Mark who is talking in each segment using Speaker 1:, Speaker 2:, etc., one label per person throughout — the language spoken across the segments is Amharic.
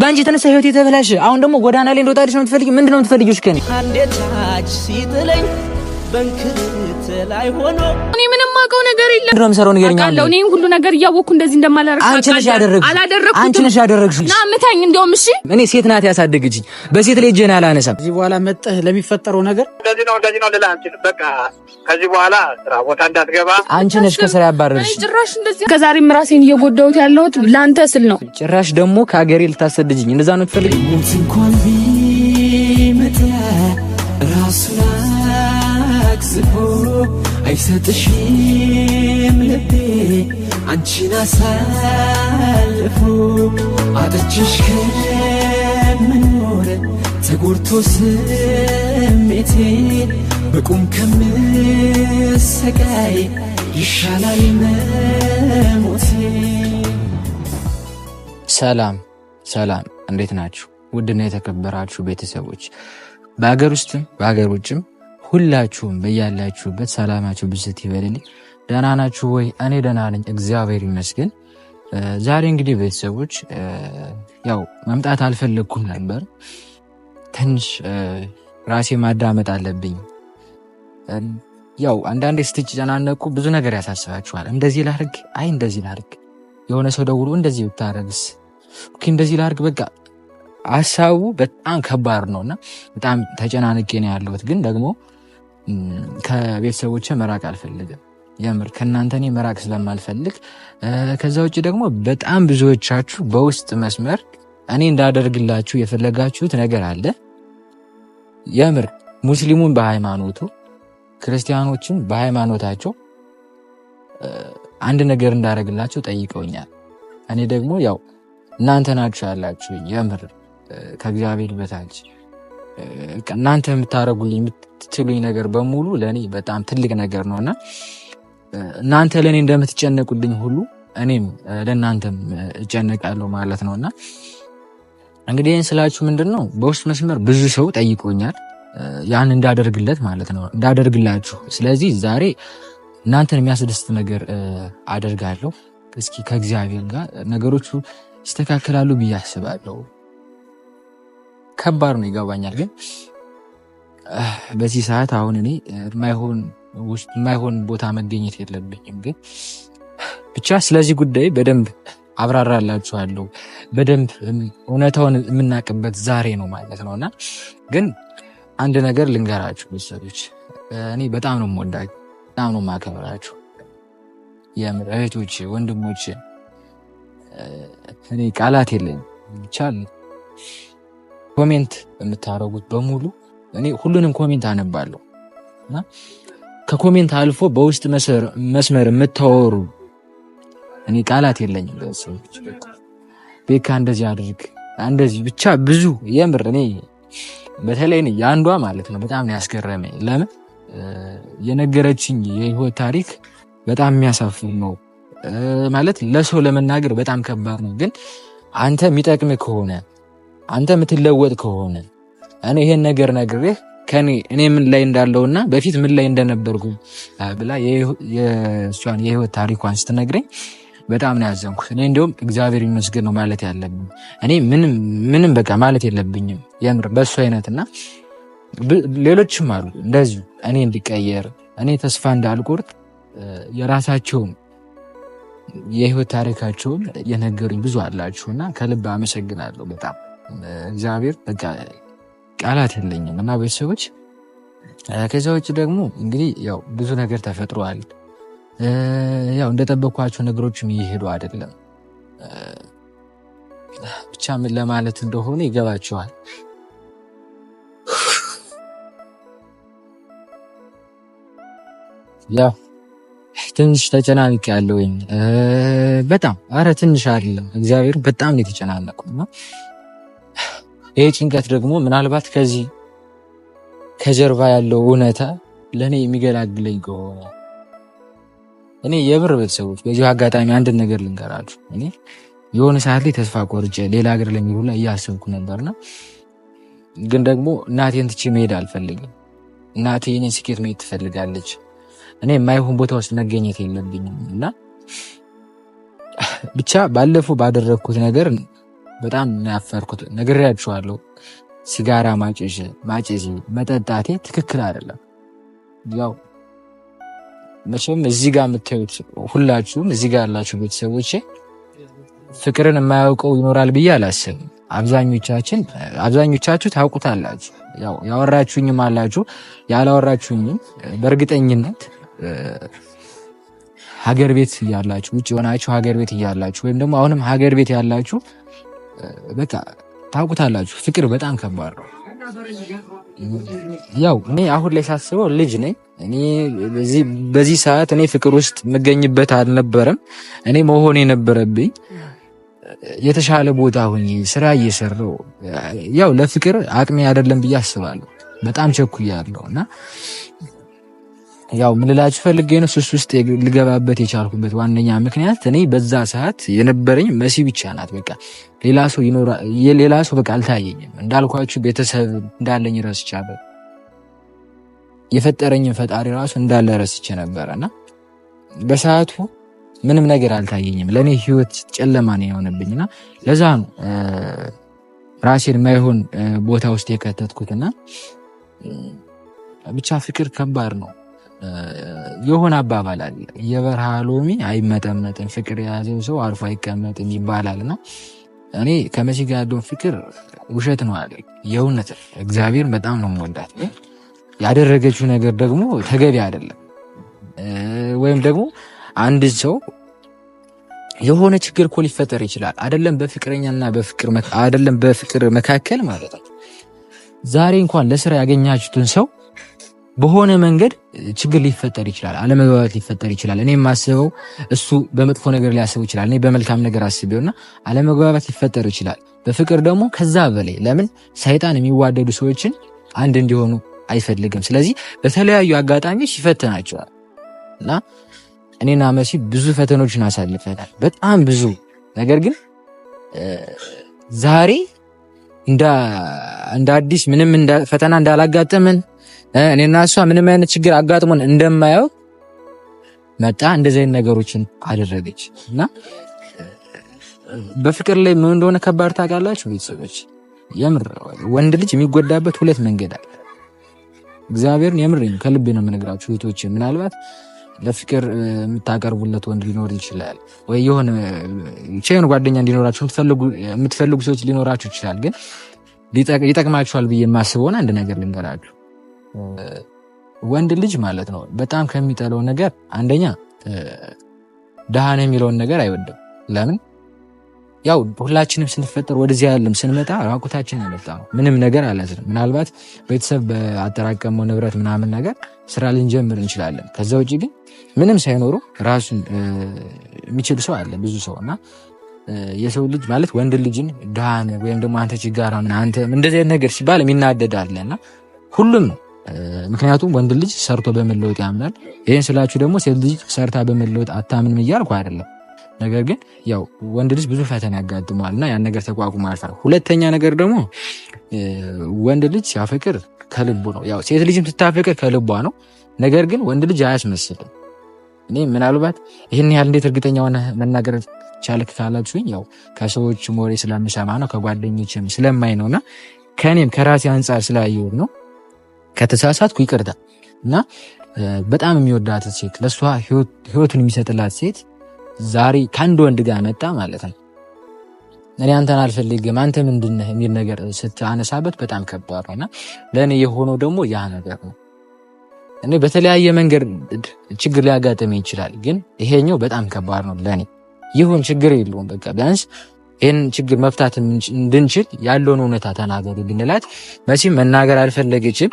Speaker 1: በአንቺ የተነሳ ህይወት የተበላሸ አሁን ደግሞ ጎዳና ላይ እንደወጣ ነው የምትፈልጊው? ምንድን ነው የምትፈልጊው? ከኔ አንዴ ታች ሲጥለኝ
Speaker 2: በንክርት እኔ ምንም አውቀው ነገር የለም።
Speaker 1: ድሮም እኔ ሁሉ ነገር እያወቅኩ እንደዚህ እንደማላደርግ አንቺ ነሽ ያደረግሽ፣ አላደረግኩ አንቺ ነሽ ያደረግሽ።
Speaker 2: ና ምታኝ። እንደውም እሺ፣
Speaker 1: እኔ ሴት ናት በሴት ላይ እጄን አላነሳም። ከዚህ በኋላ መጥተህ ለሚፈጠረው ነገር
Speaker 3: እንደዚህ ነው እንደዚህ ነው ልልህ አንቺን፣ በቃ ከዚህ በኋላ ስራ ቦታ እንዳትገባ።
Speaker 1: አንቺ ነሽ ከስራ ያባረርሽ።
Speaker 2: ጭራሽ እንደዚህ ከዛሬም ራሴን እየጎዳሁት ያለሁት ለአንተ ስል ነው።
Speaker 1: ጭራሽ ደግሞ ከሀገሬ ልታሰድጅኝ እንደዛ ነው አስቦ አይሰጥሽም ልቤ አንቺን አሳልፎ አጥችሽ ከምኖር ተጎድቶ ስሜቴ በቁም ከምሰቃይ ይሻላል መሞቴ። ሰላም ሰላም፣ እንዴት ናችሁ? ውድና የተከበራችሁ ቤተሰቦች በሀገር ውስጥም በሀገር ውጭም ሁላችሁም በያላችሁበት ሰላማችሁ ብስት ይበልልኝ። ደህና ናችሁ ወይ? እኔ ደህና ነኝ፣ እግዚአብሔር ይመስገን። ዛሬ እንግዲህ ቤተሰቦች ያው መምጣት አልፈለግኩም ነበር፣ ትንሽ ራሴ ማዳመጥ አለብኝ። ያው አንዳንዴ ስትጨናነቁ ብዙ ነገር ያሳስባችኋል። እንደዚህ ላርግ፣ አይ እንደዚህ ላርግ፣ የሆነ ሰው ደውሎ እንደዚህ ብታረግስ፣ እንደዚህ ላርግ፣ በቃ ሀሳቡ በጣም ከባድ ነው እና በጣም ተጨናንቄ ነው ያለሁት ግን ደግሞ ከቤተሰቦች መራቅ አልፈልግም። የምር ከእናንተ እኔ መራቅ ስለማልፈልግ። ከዛ ውጭ ደግሞ በጣም ብዙዎቻችሁ በውስጥ መስመር እኔ እንዳደርግላችሁ የፈለጋችሁት ነገር አለ። የምር ሙስሊሙን በሃይማኖቱ ክርስቲያኖችን በሃይማኖታቸው አንድ ነገር እንዳደረግላቸው ጠይቀውኛል። እኔ ደግሞ ያው እናንተ ናችሁ ያላችሁ የምር ከእግዚአብሔር በታች እናንተ የምታደርጉልኝ የምትችሉኝ ነገር በሙሉ ለእኔ በጣም ትልቅ ነገር ነው እና እናንተ ለእኔ እንደምትጨነቁልኝ ሁሉ እኔም ለእናንተም እጨነቃለሁ ማለት ነው እና እንግዲህ ይህን ስላችሁ ምንድን ነው በውስጥ መስመር ብዙ ሰው ጠይቆኛል ያን እንዳደርግለት ማለት ነው እንዳደርግላችሁ። ስለዚህ ዛሬ እናንተን የሚያስደስት ነገር አደርጋለሁ። እስኪ ከእግዚአብሔር ጋር ነገሮቹ ይስተካከላሉ ብዬ አስባለሁ። ከባድ ነው ይገባኛል። ግን በዚህ ሰዓት አሁን እኔ የማይሆን ቦታ መገኘት የለብኝም። ግን ብቻ ስለዚህ ጉዳይ በደንብ አብራራላችኋለሁ። በደንብ እውነታውን የምናውቅበት ዛሬ ነው ማለት ነው። እና ግን አንድ ነገር ልንገራችሁ ቤተሰቦች፣ እኔ በጣም ነው የምወዳችሁ፣ በጣም ነው የማከብራችሁ እህቶች፣ ወንድሞች እኔ ቃላት የለኝም ብቻ ኮሜንት የምታደርጉት በሙሉ እኔ ሁሉንም ኮሜንት አነባለሁ እና ከኮሜንት አልፎ በውስጥ መስመር የምታወሩ እኔ ቃላት የለኝም። ለሰዎች ቤካ እንደዚህ አድርግ እንደዚህ ብቻ ብዙ የምር እኔ በተለይ የአንዷ ማለት ነው በጣም ያስገረመኝ። ለምን የነገረችኝ የህይወት ታሪክ በጣም የሚያሳፍር ነው ማለት ለሰው ለመናገር በጣም ከባድ ነው። ግን አንተ የሚጠቅም ከሆነ አንተ የምትለወጥ ከሆነ እኔ ይሄን ነገር ነግሬህ ከኔ እኔ ምን ላይ እንዳለውና በፊት ምን ላይ እንደነበርኩ ብላ የእሷን የህይወት ታሪኳን ስትነግረኝ በጣም ነው ያዘንኩ። እኔ እንዲሁም እግዚአብሔር ይመስገን ነው ማለት ያለብኝ እኔ ምንም በቃ ማለት የለብኝም የምር በእሱ አይነትና ሌሎችም አሉ እንደዚሁ እኔ እንዲቀየር እኔ ተስፋ እንዳልቆርጥ የራሳቸውም የህይወት ታሪካቸውን የነገሩኝ ብዙ አላችሁ እና ከልብ አመሰግናለሁ በጣም እግዚአብሔር በቃ ቃላት የለኝም እና ቤተሰቦች ከዚያ ውጭ ደግሞ እንግዲህ ያው ብዙ ነገር ተፈጥሯል። ያው እንደጠበኳቸው ነገሮችም እየሄዱ አይደለም። ብቻ ምን ለማለት እንደሆነ ይገባችኋል። ያው ትንሽ ተጨናንቅ ያለውኝ በጣም አረ ትንሽ አይደለም እግዚአብሔር በጣም ነው የተጨናነቁ እና ይሄ ጭንቀት ደግሞ ምናልባት ከዚህ ከጀርባ ያለው እውነታ ለእኔ የሚገላግለኝ ከሆነ እኔ የብር ቤተሰቦች በዚሁ አጋጣሚ አንድን ነገር ልንገራችሁ። እኔ የሆነ ሰዓት ላይ ተስፋ ቆርጬ ሌላ ሀገር ለሚሉ ላይ እያሰብኩ ነበርና ግን ደግሞ እናቴን ትቼ መሄድ አልፈልግም። እናቴ የኔን ስኬት መሄድ ትፈልጋለች። እኔ የማይሆን ቦታ ውስጥ መገኘት የለብኝም እና ብቻ ባለፈው ባደረግኩት ነገር በጣም ያፈርኩት ነግሬያችኋለሁ። ሲጋራ ማጨሽ ማጨሽ መጠጣቴ ትክክል አይደለም። ያው መቼም እዚህ ጋር የምታዩት ሁላችሁም እዚህ ጋር ያላችሁ ቤተሰቦቼ ፍቅርን የማያውቀው ይኖራል ብዬ አላስብም። አብዛኞቻችን አብዛኞቻችሁ ታውቁታላችሁ። ያው ያወራችሁኝም አላችሁ ያላወራችሁኝም በእርግጠኝነት ሀገር ቤት እያላችሁ ውጭ የሆናችሁ ሀገር ቤት እያላችሁ ወይም ደግሞ አሁንም ሀገር ቤት ያላችሁ በቃ ታውቁታላችሁ፣ ፍቅር በጣም ከባድ ነው። ያው እኔ አሁን ላይ ሳስበው ልጅ ነኝ እኔ በዚህ ሰዓት እኔ ፍቅር ውስጥ የምገኝበት አልነበረም። እኔ መሆን የነበረብኝ የተሻለ ቦታ ሁኝ ስራ እየሰራው ያው ለፍቅር አቅሜ አይደለም ብዬ አስባለሁ። በጣም ቸኩያለሁ እና ያው ምልላችሁ ፈልጌ ነው ሱስ ውስጥ ልገባበት የቻልኩበት ዋነኛ ምክንያት እኔ በዛ ሰዓት የነበረኝ መሲ ብቻ ናት። በቃ ሌላ ሰው ይኖራ ሌላ ሰው በቃ አልታየኝም። እንዳልኳችሁ ቤተሰብ እንዳለኝ ረስቻለሁ። የፈጠረኝን ፈጣሪ ራሱ እንዳለ ረስቼ እና በሰዓቱ ምንም ነገር አልታየኝም። ለእኔ ህይወት ጨለማ ነው የሆነብኝና ለዛ ነው ራሴን ማይሆን ቦታ ውስጥ የከተትኩትና ብቻ ፍቅር ከባድ ነው። የሆነ አባባል አለ። የበረሃ ሎሚ አይመጠመጥም፣ ፍቅር የያዘው ሰው አርፎ አይቀመጥም ይባላል እና እኔ ከመሲ ጋር ያለውን ፍቅር ውሸት ነው አለ የእውነት እግዚአብሔር በጣም ነው የምወዳት። ያደረገችው ነገር ደግሞ ተገቢ አይደለም። ወይም ደግሞ አንድ ሰው የሆነ ችግር እኮ ሊፈጠር ይችላል አይደለም፣ በፍቅረኛና በፍቅር አይደለም፣ በፍቅር መካከል ማለት ነው። ዛሬ እንኳን ለስራ ያገኛችሁትን ሰው በሆነ መንገድ ችግር ሊፈጠር ይችላል፣ አለመግባባት ሊፈጠር ይችላል። እኔ የማስበው እሱ በመጥፎ ነገር ሊያስብ ይችላል፣ እኔ በመልካም ነገር አስቤውና አለመግባባት ሊፈጠር ይችላል። በፍቅር ደግሞ ከዛ በላይ ለምን ሰይጣን የሚዋደዱ ሰዎችን አንድ እንዲሆኑ አይፈልግም። ስለዚህ በተለያዩ አጋጣሚዎች ይፈትናቸዋል እና እኔና መሲ ብዙ ፈተኖችን አሳልፈናል፣ በጣም ብዙ ነገር ግን ዛሬ እንደ አዲስ ምንም ፈተና እንዳላጋጠመን እኔና እሷ ምንም አይነት ችግር አጋጥሞን እንደማያውቅ መጣ እንደዚህ አይነት ነገሮችን አደረገች እና በፍቅር ላይ ምን እንደሆነ ከባድ ታውቃላችሁ ቤተሰቦች። የምር ወንድ ልጅ የሚጎዳበት ሁለት መንገድ አለ። እግዚአብሔርን የምር ከልቤ ነው የምነግራችሁ እህቶች። ምናልባት ለፍቅር የምታቀርቡለት ወንድ ሊኖር ይችላል፣ ወይ የሆነ ቻይን ጓደኛ እንዲኖራችሁ የምትፈልጉ ሰዎች ሊኖራችሁ ይችላል። ግን ይጠቅማችኋል ብዬ የማስበውን አንድ ነገር ልንገራችሁ ወንድ ልጅ ማለት ነው በጣም ከሚጠለው ነገር አንደኛ ድሃ የሚለውን ነገር አይወድም። ለምን ያው ሁላችንም ስንፈጠር ወደዚህ ያለም ስንመጣ ራቁታችን ያመጣ ነው። ምንም ነገር አላዝንም። ምናልባት ቤተሰብ በአጠራቀመው ንብረት ምናምን ነገር ስራ ልንጀምር እንችላለን። ከዛ ውጭ ግን ምንም ሳይኖሩ ራሱን የሚችል ሰው አለ ብዙ ሰው እና የሰው ልጅ ማለት ወንድ ልጅን ድሃ ወይም ደግሞ አንተ ችጋራ አንተ እንደዚህ ነገር ሲባል የሚናደዳለ እና ሁሉም ነው ምክንያቱም ወንድ ልጅ ሰርቶ በመለወጥ ያምናል። ይህን ስላችሁ ደግሞ ሴት ልጅ ሰርታ በመለወጥ አታምንም እያልኩ አይደለም። ነገር ግን ያው ወንድ ልጅ ብዙ ፈተና ያጋጥመዋል እና ያን ነገር ተቋቁሞ ያልፋል። ሁለተኛ ነገር ደግሞ ወንድ ልጅ ሲያፈቅር ከልቡ ነው። ያው ሴት ልጅም ስታፈቅር ከልቧ ነው። ነገር ግን ወንድ ልጅ አያስመስልም። እኔ ምናልባት ይህን ያህል እንዴት እርግጠኛ ሆነ መናገር ቻልክ ካላችሁኝ ያው ከሰዎች ሞሬ ስለምሰማ ነው ከጓደኞችም ስለማይ ነውእና ከእኔም ከራሴ አንጻር ስላየው ነው። ከተሳሳትኩ ይቅርታ እና በጣም የሚወዳት ሴት ለእሷ ህይወቱን የሚሰጥላት ሴት ዛሬ ከአንድ ወንድ ጋር መጣ ማለት ነው። እኔ አንተን አልፈልግም አንተ ምንድን ነህ የሚል ነገር ስታነሳበት በጣም ከባድ ነው እና ለእኔ የሆነው ደግሞ ያ ነገር ነው። እኔ በተለያየ መንገድ ችግር ሊያጋጥም ይችላል፣ ግን ይሄኛው በጣም ከባድ ነው ለእኔ። ይሁን ችግር የለውም በቃ ቢያንስ ይህን ችግር መፍታት እንድንችል ያለውን እውነታ ተናገሩ ብንላት መቼም መናገር አልፈለገችም።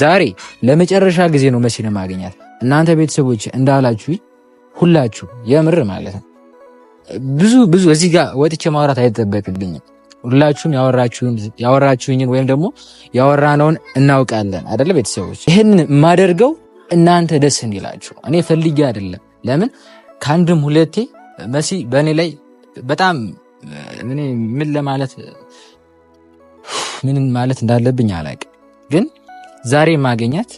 Speaker 1: ዛሬ ለመጨረሻ ጊዜ ነው መሲን ማገኛት። እናንተ ቤተሰቦች እንዳላችሁ ሁላችሁ የምር ማለት ነው ብዙ ብዙ እዚህ ጋር ወጥቼ ማውራት አይጠበቅብኝም። ሁላችሁም ያወራችሁኝን ወይም ደግሞ ያወራነውን እናውቃለን አደለ ቤተሰቦች ይህን የማደርገው እናንተ ደስ እንዲላችሁ እኔ ፈልጌ አይደለም። ለምን ከአንድም ሁለቴ መሲ በእኔ ላይ በጣም ምን ለማለት ምን ማለት እንዳለብኝ አላውቅም ግን ዛሬ ማገኛት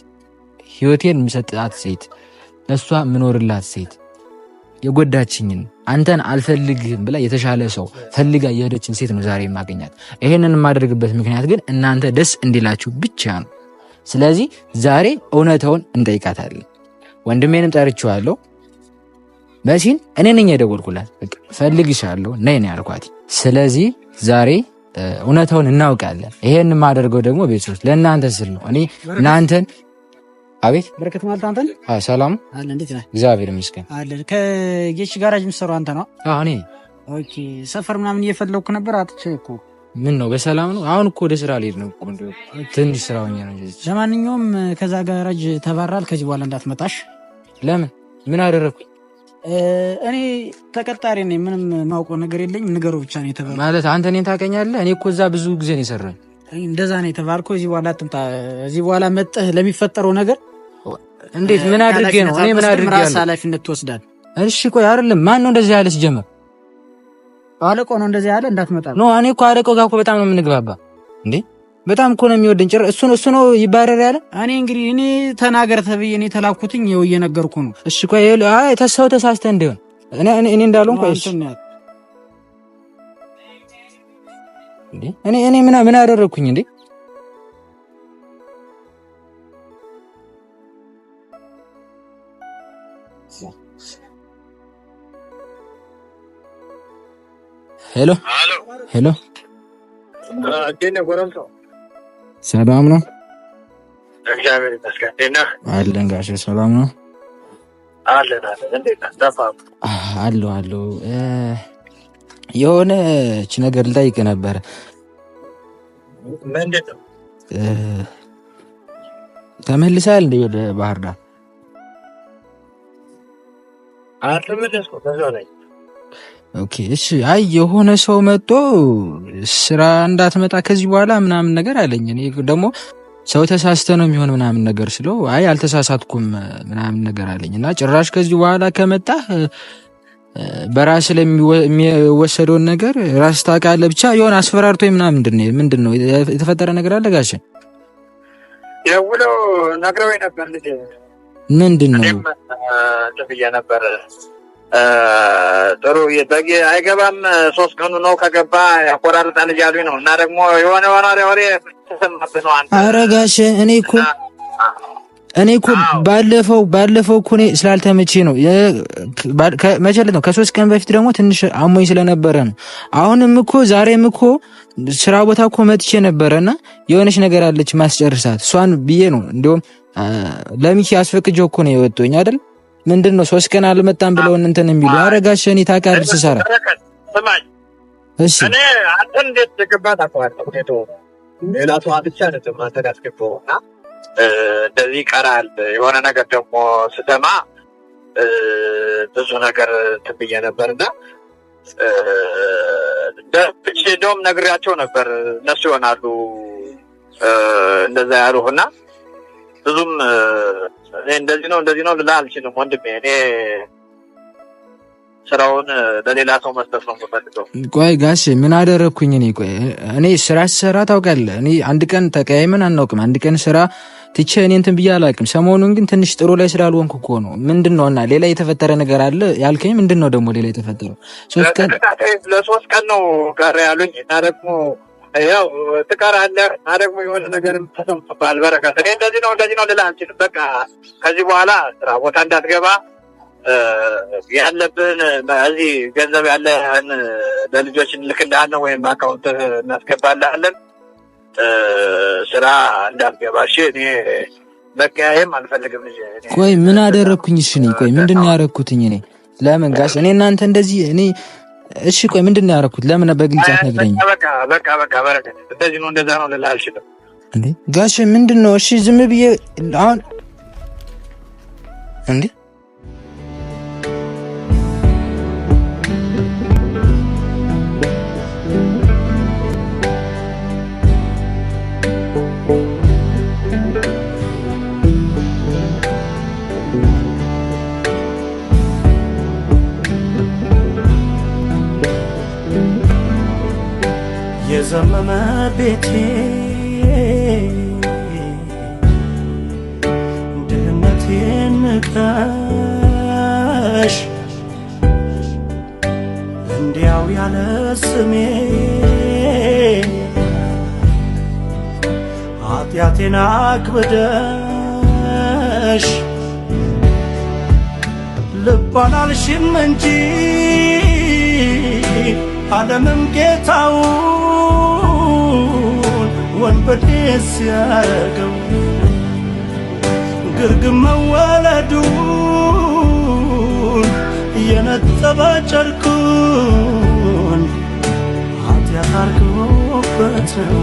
Speaker 1: ህይወቴን የምሰጣት ሴት፣ ለእሷ ምኖርላት ሴት፣ የጎዳችኝን አንተን አልፈልግህም ብላ የተሻለ ሰው ፈልጋ የሄደችን ሴት ነው ዛሬ ማገኛት። ይህንን የማደርግበት ምክንያት ግን እናንተ ደስ እንዲላችሁ ብቻ ነው። ስለዚህ ዛሬ እውነተውን እንጠይቃታለን። ወንድሜንም ጠርችዋለሁ። መሲን እኔ ነኝ የደወልኩላት። ፈልግሻለሁ ነይ ነው ያልኳት። ስለዚህ ዛሬ እውነተውን እናውቃለን። ይሄን የማደርገው ደግሞ ቤተሰቦች ለእናንተ ስል ነው። እኔ እናንተን አቤት
Speaker 4: በረከት ማለት አንተን ሰላም እንዴት ነህ?
Speaker 1: እግዚአብሔር ይመስገን
Speaker 4: አለ። ከጌች ጋራጅ የምትሰራው አንተ ነው? እኔ። ኦኬ። ሰፈር ምናምን እየፈለግኩ ነበር አጥቼ እኮ።
Speaker 1: ምን ነው በሰላም ነው? አሁን እኮ ወደ ስራ ልሄድ ነው እኮ ትንሽ ስራ ሆኜ ነው።
Speaker 4: ለማንኛውም ከዛ ጋራጅ ተባራል። ከዚህ በኋላ እንዳትመጣሽ።
Speaker 1: ለምን? ምን አደረግኩኝ?
Speaker 4: እኔ ተቀጣሪ ነኝ። ምንም ማውቀው ነገር የለኝ ንገሮ ብቻ ነው የተባልኩት።
Speaker 1: ማለት አንተ እኔን ታውቀኛለህ? እኔ እኮ እዛ ብዙ ጊዜ ነው የሰራኝ።
Speaker 4: እንደዛ ነው የተባልከው። እዚህ በኋላ ትምጣ። እዚህ በኋላ መጠህ ለሚፈጠረው ነገር
Speaker 1: እንዴት ምን አድርጌ ነው እኔ ምን አድርጌ
Speaker 4: ያለሁ ኃላፊነት ትወስዳል።
Speaker 1: እሺ ቆይ አይደለም። ማን ነው እንደዚህ ያለ? ሲጀመር
Speaker 4: አለቆ ነው እንደዚህ ያለ። እንዳትመጣ
Speaker 1: ነው። እኔ እኮ አለቆ ጋር እኮ በጣም ነው የምንግባባ እንዴ በጣም እኮ ነው የሚወደኝ። ጭር እሱ ነው እሱ ነው ይባረር ያለ
Speaker 4: እኔ እንግዲህ እኔ ተናገር ተብዬ እኔ ተላኩትኝ ይኸው እየነገርኩ ነው።
Speaker 1: እሺ ቆይ አይ ተሳው ተሳስተ እንደሆነ እኔ እኔ እንዳልሆን ቆይ እሺ እኔ እኔ ምን ምን አደረግኩኝ እንዴ? ሄሎ ሄሎ
Speaker 5: ሰላም ነው? አለን ጋሼ ሰላም ነው? አለ
Speaker 1: አለ የሆነች ነገር ልጠይቅ ነበረ። ተመልሳል እንደ ወደ ባህር ዳር
Speaker 5: አልተመለስኩም።
Speaker 1: ኦኬ እሺ። አይ የሆነ ሰው መጥቶ ስራ እንዳትመጣ ከዚህ በኋላ ምናምን ነገር አለኝ። እኔ ደግሞ ሰው ተሳስተ ነው የሚሆን ምናምን ነገር ስለው አይ አልተሳሳትኩም ምናምን ነገር አለኝ እና ጭራሽ ከዚህ በኋላ ከመጣህ በራስ ለሚወሰደውን ነገር ራስ ታውቃለህ። ብቻ የሆነ አስፈራርቶ ምናምን ምንድን ነው የተፈጠረ ነገር አለ ጋሼ?
Speaker 5: ደውለው ነግረው ነበር። ምንድን ነው ነበር ጥሩ በጌ አይገባም። ሶስት ቀኑ ነው ከገባ ያቆራርጣል እያሉኝ ነው። እና ደግሞ የሆነ የሆነ ወሬ ተሰማብህ
Speaker 1: ነው ጋሼ እኔ እኮ እኔ እኮ ባለፈው ባለፈው እኮ እኔ ስላልተመቼ ነው መቸለት ነው። ከሶስት ቀን በፊት ደግሞ ትንሽ አሞኝ ስለነበረ ነው። አሁንም እኮ ዛሬም እኮ ስራ ቦታ እኮ መጥቼ ነበረ ነበረና የሆነች ነገር አለች ማስጨርሳት፣ እሷን ብዬ ነው እንዲሁም ለሚኪ አስፈቅጄ እኮ ነው የወጡኝ አይደል ምንድን ነው ሶስት ቀን አልመጣም ብለውን እንትን የሚሉ አረጋሽ እኔ ታውቃለህ ስሰራ
Speaker 5: እኔ አንተ እንዴት ተቀባታ አቋርጠው ሌላ ሰው አጥቻ አይደለም አንተ ያስገባውና እንደዚህ ይቀራል። የሆነ ነገር ደግሞ ስሰማ ብዙ ነገር ትብዬ ነበርና እንደውም ነግሬያቸው ነበር እነሱ ይሆናሉ እንደዛ ያሉህና ብዙም እንደዚህ ነው እንደዚህ ነው ልልህ አልችልም ወንድሜ። እኔ ስራውን ለሌላ ሰው መስጠት ነው የምፈልገው።
Speaker 1: ቆይ ጋሼ ምን አደረግኩኝ እኔ? ቆይ እኔ ስራ ስሰራ ታውቃለህ፣ እኔ አንድ ቀን ተቀያይመን አናውቅም። አንድ ቀን ስራ ትቼ እኔ እንትን ብዬ አላውቅም። ሰሞኑን ግን ትንሽ ጥሩ ላይ ስላልሆንኩ እኮ ነው። ምንድን ነው እና ሌላ የተፈጠረ ነገር አለ ያልከኝ? ምንድን ነው ደግሞ ሌላ የተፈጠረው?
Speaker 5: ሶስት ቀን ለሶስት ቀን ነው ቀረ ያሉኝ እና ደግሞ ያው ትቀራለህ እና ደግሞ የሆነ ነገር ተሰምቶብሃል። በረከት እኔ እንደዚህ ነው እንደዚህ ነው ልልህ አልችልም። በቃ ከዚህ በኋላ ስራ ቦታ እንዳትገባ ያለብን እዚህ ገንዘብ ያለህን ለልጆች እንልክልሃለን ወይም አካውንት እናስገባልሃለን። ስራ እንዳትገባ እሺ። እኔ መቀያየም አልፈልግም።
Speaker 1: ቆይ ምን አደረግኩኝ? እሺ እኔ ቆይ ምንድን ነው ያደረግኩትኝ? እኔ ለምን ጋሽ እኔ እናንተ እንደዚህ እኔ እሺ ቆይ ምንድን ነው ያደረኩት? ለምን በግልጽ አትነግረኝም?
Speaker 5: በቃ በቃ በረከት እንደዚህ ነው እንደዛ ነው ልልህ አልችልም።
Speaker 1: እንዴ ጋሽ ምንድን ነው? እሺ ዝም ብዬ አሁን እንዴ የዘመመ ቤቴ ድህነቴን ንቀሽ እንዲያው ያለ ስሜ ኃጢአቴን አክብደሽ ልባን እንጂ ዓለምም ጌታውን ወንበዴ ሲያረገው ግርግም መወለዱን የነጠበ ጨርቁን ኃጢአት አርግቦበት ነው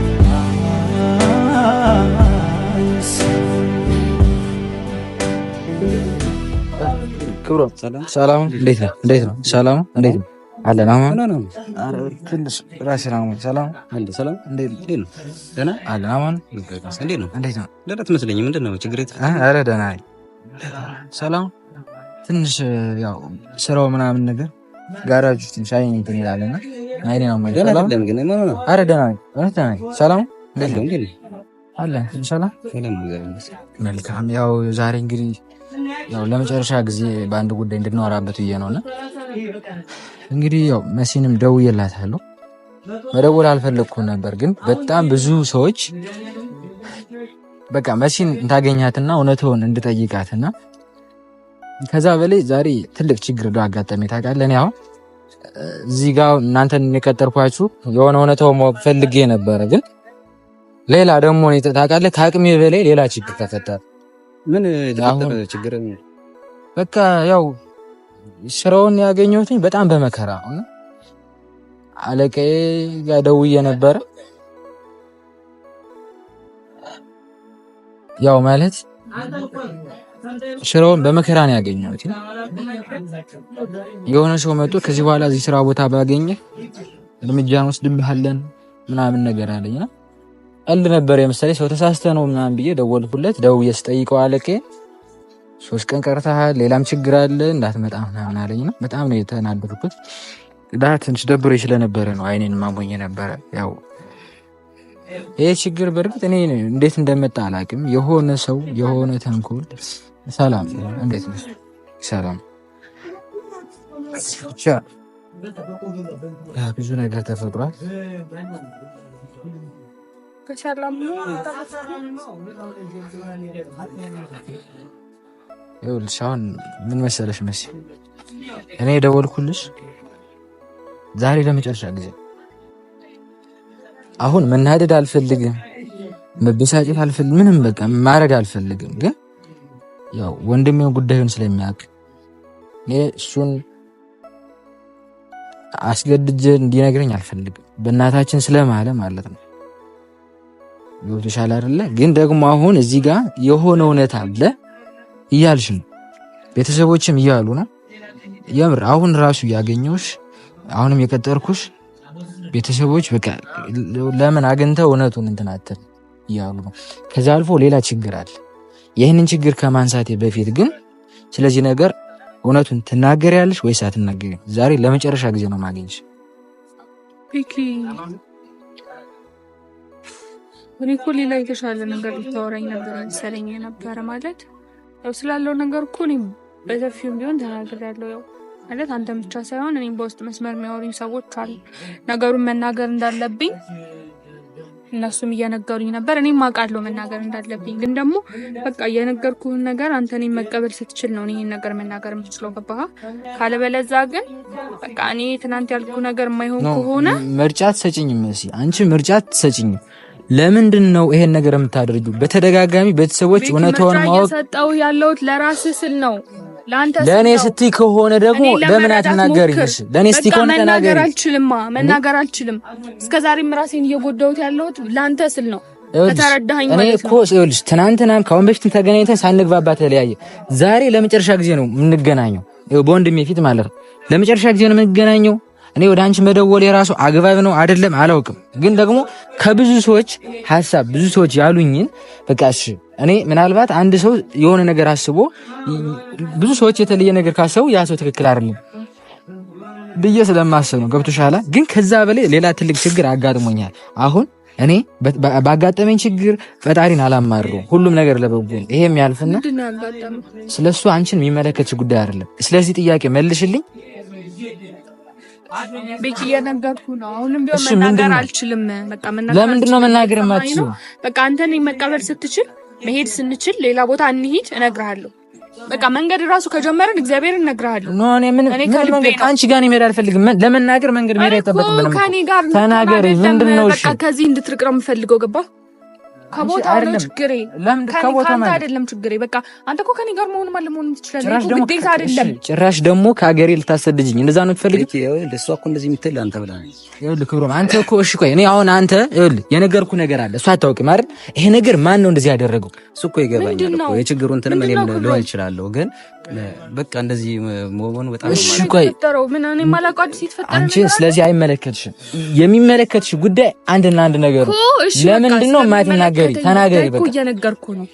Speaker 1: ክብሮ ሰላም እንዴት ነው? እንዴት ነው? ሰላም እንዴት ነው? አለን ትንሽ ያው ስራው ምናምን ነገር ጋራጅ ትንሽ እንትን ይላልና አይኔ
Speaker 6: ነው
Speaker 1: ያው ዛሬ እንግዲህ ያው ለመጨረሻ ጊዜ በአንድ ጉዳይ እንድናወራበት ብዬ ነውና እንግዲህ ያው መሲንም ደውዬላታለሁ። መደወል አልፈለግኩም ነበር፣ ግን በጣም ብዙ ሰዎች በቃ መሲን እንዳገኛትና እውነትውን እንድጠይቃትና ከዛ በላይ ዛሬ ትልቅ ችግር ዶ አጋጠሚ ታውቃለህ። ያው እዚህ ጋር እናንተን የቀጠርኳችሁ የሆነ እውነታው ፈልጌ ነበረ፣ ግን ሌላ ደግሞ ታውቃለህ፣ ከአቅሜ በላይ ሌላ ችግር ተፈጠረ።
Speaker 6: ምን ችግር
Speaker 1: በቃ ያው ስራውን ያገኘሁት በጣም በመከራ ነው። አለቃዬ ጋር ደውዬ ነበረ። ያው ማለት ስራውን በመከራ ነው ያገኘሁት። የሆነ ሰው መጥቶ ከዚህ በኋላ እዚህ ስራ ቦታ ባገኘ እርምጃ እንወስድብሃለን ምናምን ነገር አለኝና ቀልድ ነበር የምሳሌ ሰው ተሳስተ ነው ምናምን ብዬ ደወልኩለት። ደውዬ ስጠይቀው አለቃዬ ሶስት ቀን ቀርተሃል፣ ሌላም ችግር አለ እንዳትመጣ ምናምን አለኝ። ነው በጣም ነው የተናደርኩት። ዳ ትንሽ ደብሮ ስለነበረ ነው አይኔን ማሞኝ ነበረ። ያው ይህ ችግር በእርግጥ እኔ እንዴት እንደመጣ አላውቅም። የሆነ ሰው የሆነ ተንኮል። ሰላም እንዴት ነው? ሰላም ብቻ ብዙ ነገር ተፈጥሯል። ሰላም ይኸውልሽ አሁን ምን መሰለሽ መሲ፣ እኔ የደወልኩልሽ ዛሬ ለመጨረሻ ጊዜ። አሁን መናደድ አልፈልግም፣ መበሳጨት አልፈልግም፣ ምንም በቃ ማድረግ አልፈልግም። ግን ያው ወንድሜው ጉዳዩን ስለሚያውቅ እሱን አስገድጄ እንዲነግረኝ አልፈልግም። በእናታችን ስለማለ ማለት ነው። ይወትሻል አይደለ? ግን ደግሞ አሁን እዚህ ጋር የሆነ እውነት አለ እያልሽ ነው፣ ቤተሰቦችም እያሉ ነው። የምር አሁን ራሱ ያገኘሁሽ አሁንም የቀጠርኩሽ ቤተሰቦች በቃ ለምን አግኝተው እውነቱን እንትናትን እያሉ ነው። ከዛ አልፎ ሌላ ችግር አለ። ይህንን ችግር ከማንሳቴ በፊት ግን ስለዚህ ነገር እውነቱን ትናገር ያለሽ ወይስ አትናገር? ዛሬ ለመጨረሻ ጊዜ ነው ማግኘሽ።
Speaker 2: እኔ እኮ ሌላ የተሻለ ነገር ልታወራኝ ነበር መሰለኝ የነበረ ማለት ያው ስላለው ነገር እኮ እኔ በሰፊውም ቢሆን ተናግሬያለሁ። ያው ማለት አንተ ብቻ ሳይሆን እኔም በውስጥ መስመር የሚያወሩኝ ሰዎች አሉ። ነገሩን መናገር እንዳለብኝ እነሱም እየነገሩኝ ነበር። እኔም አውቃለሁ መናገር እንዳለብኝ፣ ግን ደግሞ በቃ እየነገርኩህን ነገር አንተ እኔን መቀበል ስትችል ነው ይህን ነገር መናገር የምችለው። ገባህ? ካለበለዛ ግን በቃ እኔ ትናንት ያልኩ ነገር የማይሆን ከሆነ
Speaker 1: ምርጫ ትሰጭኝ ትሰጭኝም። አንቺ ምርጫ ትሰጭኝም ለምንድን ነው ይሄን ነገር የምታደርጊው? በተደጋጋሚ ቤተሰቦች እውነታውን
Speaker 2: ማወቅ ሰጠው ያለውት ለራስ ስል ነው።
Speaker 1: ለእኔ ስቲ ከሆነ ደግሞ ለምን አትናገሪኝ? ለእኔ ስቲ ከሆነ
Speaker 2: መናገር አልችልማ መናገር አልችልም። እስከዛሬም ራሴን እየጎዳሁት ያለሁት ለአንተ ስል ነው።
Speaker 1: እኔ እኮ ይኸውልሽ፣ ትናንትናም ከአሁን በፊትም ተገናኝተን ሳንግባባ ተለያየ። ዛሬ ለመጨረሻ ጊዜ ነው የምንገናኘው፣ በወንድሜ ፊት ማለት ነው። ለመጨረሻ ጊዜ ነው የምንገናኘው እኔ ወደ አንቺ መደወል የራሱ አግባብ ነው አይደለም አላውቅም፣ ግን ደግሞ ከብዙ ሰዎች ሀሳብ ብዙ ሰዎች ያሉኝን በቃ እሺ፣ እኔ ምናልባት አንድ ሰው የሆነ ነገር አስቦ ብዙ ሰዎች የተለየ ነገር ካሰቡ ያ ሰው ትክክል አይደለም ብዬ ስለማስብ ነው። ገብቶሻል? ግን ከዛ በላይ ሌላ ትልቅ ችግር አጋጥሞኛል አሁን እኔ ባጋጠመኝ ችግር ፈጣሪን አላማሩ። ሁሉም ነገር ለበጎ ይሄም ያልፍና ስለሱ አንቺን የሚመለከት ጉዳይ አይደለም። ስለዚህ ጥያቄ መልሽልኝ።
Speaker 2: ቤኪ እየነገርኩ ነው። አሁንም ቢሆን መናገር አልችልም። በቃ መናገር
Speaker 1: ለምንድን ነው መናገር የማትችለው?
Speaker 2: በቃ አንተን መቀበል ስትችል መሄድ ስንችል ሌላ ቦታ እንሂድ እነግርሃለሁ። በቃ መንገድ እራሱ ከጀመረን እግዚአብሔር እነግርሃለሁ።
Speaker 1: ኖ እኔ ምን መንገድ አንቺ ጋር እኔ መሄድ አልፈልግም። ለመናገር መንገድ መሄድ
Speaker 2: አይጠበቅብንም። ተናገሪ። ምንድን ነው እሺ? በቃ ከዚህ እንድትርቅ ነው የምፈልገው። ገባ ከቦታ ነው ችግሬ። ከአንተ አይደለም ችግሬ። በቃ አንተ እኮ ከኔ ጋር መሆን ማለት መሆን ትችላለህ። ግዴታ አይደለም።
Speaker 1: ጭራሽ ደግሞ ከሀገሬ ልታሰደጅኝ እንደዛ ነው የምትፈልግ?
Speaker 6: እሷ እኮ እንደዚህ የምትል አንተ ብላ
Speaker 1: ክብሮም፣ አንተ እኮ እሺ፣ ቆይ እኔ አሁን አንተ የነገርኩህ ነገር አለ እሷ አታውቅም አይደል? ይሄ ነገር ማን ነው እንደዚህ ያደረገው? እሱ እኮ ይገባኛል። እኮ የችግሩን ትንም እኔም ልሆን እችላለሁ ግን በቃ እንደዚህ መሆኑ በጣም እሺ። ቆይ አንቺ ስለዚህ አይመለከትሽም። የሚመለከትሽ ጉዳይ አንድና አንድ ነገር ነው። ለምንድን ነው የማትናገሪ?
Speaker 2: ተናገሪ። በቃ እየነገርኩ ነው።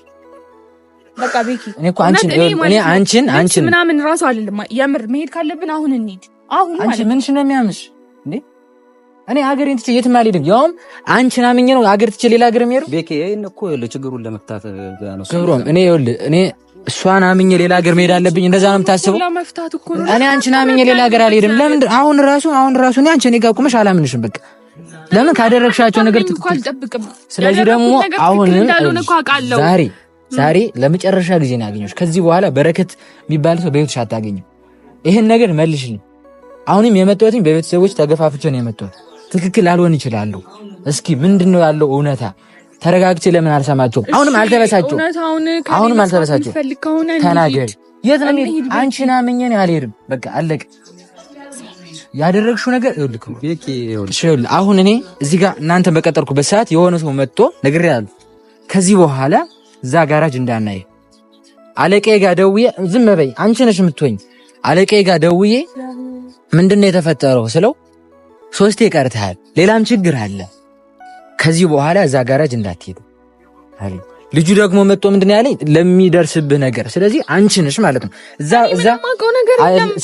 Speaker 2: በቃ ቤኪ፣
Speaker 1: እኔ እኮ አንቺን እኔ አንቺን አንቺን
Speaker 2: ምናምን እራሱ አይደለም። የምር መሄድ ካለብን አሁን እንሂድ።
Speaker 1: አሁን አንቺ ምንሽ ነው የሚያምሽ እንዴ? እኔ ሀገሬን ትቼ የትም አልሄድም። ያውም አንቺን አምኜ ነው ሀገር ትቼ ሌላ ሀገር የሚሄደው።
Speaker 6: ቤኪ፣ ይሄን እኮ ችግሩን ለመፍታት
Speaker 1: ነው። ችግሩም እኔ ይኸውልህ እኔ እሷን አምኜ ሌላ ሀገር መሄድ አለብኝ? እንደዛ ነው የምታስበው? እኔ አንቺን አምኜ ሌላ ሀገር አልሄድም። ለምን አሁን ራሱ አሁን ራሱ እኔ አንቺ እኔ ጋር ቁመሽ አላምንሽም። በቃ ለምን ካደረግሻቸው ነገር ስለዚህ ደግሞ አሁንም ዛሬ ዛሬ ለመጨረሻ ጊዜ ነው ያገኘሁሽ። ከዚህ በኋላ በረከት የሚባል ሰው በሕይወትሽ አታገኝም። ይህን ነገር መልሽልኝ። አሁንም የመጣሁትኝ በቤተሰቦች ተገፋፍቼ ነው የመጣሁት። ትክክል አልሆን ይችላለሁ። እስኪ ምንድን ነው ያለው እውነታ ተረጋግቼ ለምን አልሰማቸውም? አሁንም አልተበሳቸውም። አሁንም አልተበሳቸውም። ተናገር። የት ነው የምሄድ? አንቺን አምኜን አልሄድም። በቃ አለቀ። ያደረግሽው ነገር አሁን እኔ እዚህ ጋር እናንተን በቀጠርኩበት ሰዓት የሆነ ሰው መጥቶ ነግሬያለሁ። ከዚህ በኋላ እዛ ጋራጅ እንዳናይ አለቄ ጋር ደውዬ ዝም በይ አንቺ ነሽ የምትወኝ። አለቄ ጋር ደውዬ ምንድነው የተፈጠረው ስለው ሶስቴ ቀርተሃል፣ ሌላም ችግር አለ ከዚህ በኋላ እዛ ጋራጅ እንዳትሄድ አለኝ። ልጁ ደግሞ መጥቶ ምንድን ነው ያለኝ ለሚደርስብህ ነገር። ስለዚህ አንቺ ነሽ ማለት ነው እዛ እዛ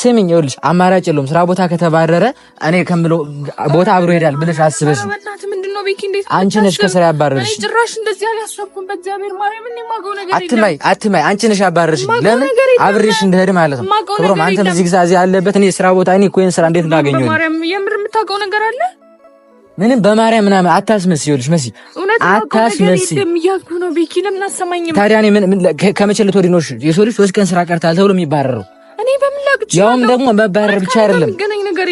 Speaker 1: ስሚኝ፣ ይኸውልሽ አማራጭ የለውም። ስራ ቦታ ከተባረረ እኔ ከምለው ቦታ አብሮ ይሄዳል ብለሽ አስበሽ አንቺ ነሽ ከስራ ያባረርሽ። አትማይ አትማይ፣ አንቺ ነሽ ያባረርሽ። ለምን አብሬሽ እንደሄድ ማለት ነው። ክብሮም አንተ በዚህ ጊዜ ያለበት እኔ ስራ ቦታ እኔ እኮ ይሄን ስራ እንዴት እንዳገኘሁ
Speaker 2: የምር የምታውቀው ነገር አለ
Speaker 1: ምንም በማርያም ምናምን አታስመስ። ይኸውልሽ መሲ
Speaker 2: አታስመስ እያልኩ ነው። ቤኪ ለምን አሰማኝም
Speaker 1: ታዲያ? ምን ከመቼ ልትወድ ነው? የሰው ልጅ ሶስት ቀን ስራ ቀርታል ተብሎ የሚባረረው እኔ በምን ላቅ ያውም ደግሞ መባረር ብቻ አይደለም ነገር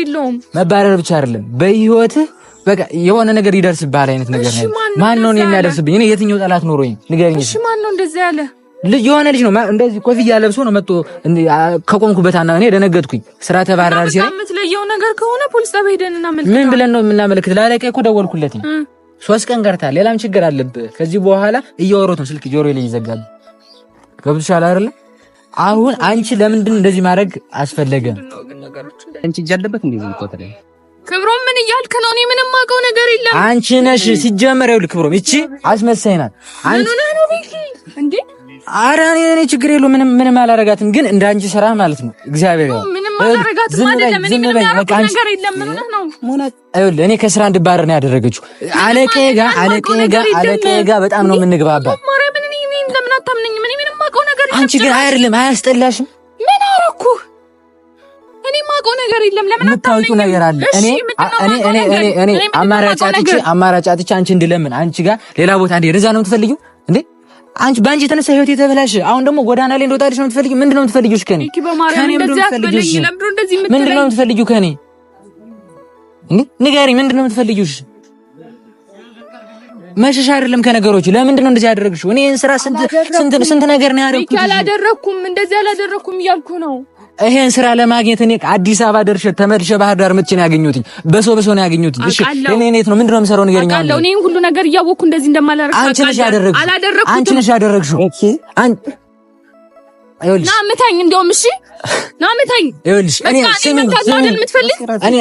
Speaker 1: መባረር ብቻ አይደለም፣ በህይወትህ በቃ የሆነ ነገር ይደርስብሃል አይነት ነገር ነው። ማን ነው የሚያደርስብኝ? እኔ የትኛው ጠላት ኖሮኝ ንገረኝ።
Speaker 2: እሺ ማን ነው እንደዚህ ያለ
Speaker 1: የሆነ ልጅ ነው እንደዚህ ኮፍያ ለብሶ ነው መጥቶ ከቆምኩበት አና እኔ ደነገጥኩኝ። ስራ ተባረራል
Speaker 2: ሲል የምትለየው ነገር ከሆነ ፖሊስ ጣቢያ ሄደን እናመልክት።
Speaker 1: ምን ብለን ነው የምናመልክት? ላለቀ እኮ ደወልኩለት። ሶስት ቀን ቀርታል። ሌላም ችግር አለብህ። ከዚህ በኋላ እያወሮት ነው ስልክ ጆሮ ላይ ይዘጋል። ገብቶሻል አይደለ? አሁን አንቺ ለምንድን እንደዚህ ማድረግ አስፈለገ?
Speaker 6: አንቺ እጅ አለበት እንደዚህ ይቆጥራል።
Speaker 2: ክብሮም ምን እያልክ ነው? እኔ ምንም የማውቀው ነገር የለም።
Speaker 1: አንቺ ነሽ ሲጀመር። ይኸውልህ ክብሮም፣ እቺ አስመሳይ ናት። እንዴ? ኧረ እኔ ችግር የለውም ምንም ምንም አላረጋትም፣ ግን እንደ አንቺ ስራ ማለት ነው። እግዚአብሔር ነው
Speaker 2: ምንም አላረጋትም አይደለም። ምን ነገር የለም ምን ነው ሞናት
Speaker 1: አይውል እኔ ከስራ እንድባረር ነው ያደረገችው። አለቀዬ ጋር አለቀዬ ጋር አለቀዬ ጋር በጣም ነው የምንግባባ። አንቺ ግን አይደለም አያስጠላሽም?
Speaker 2: ምን አረኩ እኔ? የማውቀው ነገር የለም። ለምን
Speaker 1: የምታውቂው ነገር አለ? እኔ እኔ እኔ እኔ አማራጭ አጥቼ አማራጭ አጥቼ አንቺ እንድለምን አንቺ ጋር ሌላ ቦታ እንደ ርዛ ነው የምትፈልጊው አንቺ በአንቺ የተነሳ ህይወት የተበላሽ። አሁን ደግሞ ጎዳና ላይ እንደወጣልሽ ነው የምትፈልጊው? ምንድን ነው የምትፈልጊው? እሺ ከኔ
Speaker 2: ምንድን ነው የምትፈልጊው?
Speaker 1: ከኔ ንገሪኝ፣ ምንድን ነው የምትፈልጊው? እሺ መሸሻ አይደለም ከነገሮች። ለምንድን ነው እንደዚህ ያደረግሽው? እኔ ይሄን ስራ ስንት ነገር ነው
Speaker 2: ያደረኩት? ያላደረኩም እንደዚህ ያላደረኩም እያልኩ ነው
Speaker 1: ይሄን ስራ ለማግኘት እኔ አዲስ አበባ ደርሼ ተመልሼ ባህር ዳር መጥቼ ነው ያገኘሁት። በሰው በሰው ነው ያገኘሁት። እሺ እኔ እኔት ነው ምንድነው የምሰራው? ንገረኝ።
Speaker 2: አቃለው እኔ ሁሉ ነገር እያወቅሁ እንደዚህ እንደማላደርግ
Speaker 1: አንቺ ነሽ ያደረግሽው።
Speaker 2: ይኸውልሽ ና ምታኝ፣ እንደውም እሺ ና ምታኝ። ይኸውልሽ እኔ ስሚኝ አይደል የምትፈልግ
Speaker 1: እኔ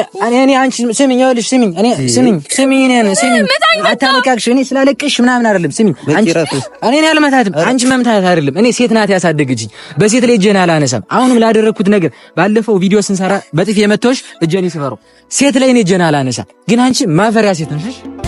Speaker 1: እኔ አንቺ ስሚኝ፣ ይኸውልሽ ስሚኝ፣ እኔ ስሚኝ፣ ስሚኝ፣ እኔ ነኝ ስሚኝ። አታነቃቅሽ። እኔ ስላለቅሽ ምናምን አይደለም። ስሚኝ አንቺ እኔ ነኝ አልመታትም፣ አንቺ መምታት አይደለም። እኔ ሴት ናት ያሳደገችኝ፣ በሴት ላይ እጄን አላነሳም። አሁንም ላደረግኩት ነገር ባለፈው ቪዲዮ ስንሰራ በጥፊ የመታሁሽ እጄን ይስፈረው። ሴት ላይ እኔ እጄን አላነሳም፣ ግን አንቺ ማፈሪያ ሴት ነሽ።